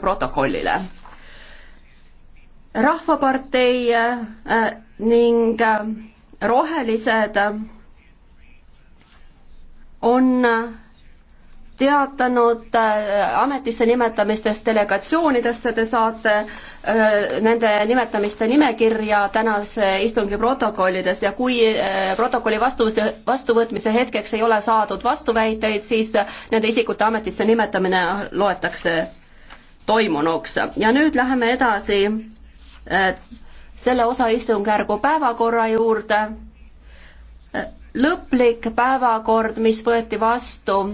protokollile. rahvapartei äh, ning äh, rohelised on teatanud äh, ametisse nimetamistest delegatsioonidesse, te saate nende nimetamiste nimekirja tänase istungi protokollides ja kui protokolli vastu, vastuvõtmise hetkeks ei ole saadud vastuväiteid, siis nende isikute ametisse nimetamine loetakse toimunuks ja nüüd läheme edasi äh, selle osa istungjärgu päevakorra juurde. Äh, lõplik päevakord, mis võeti vastu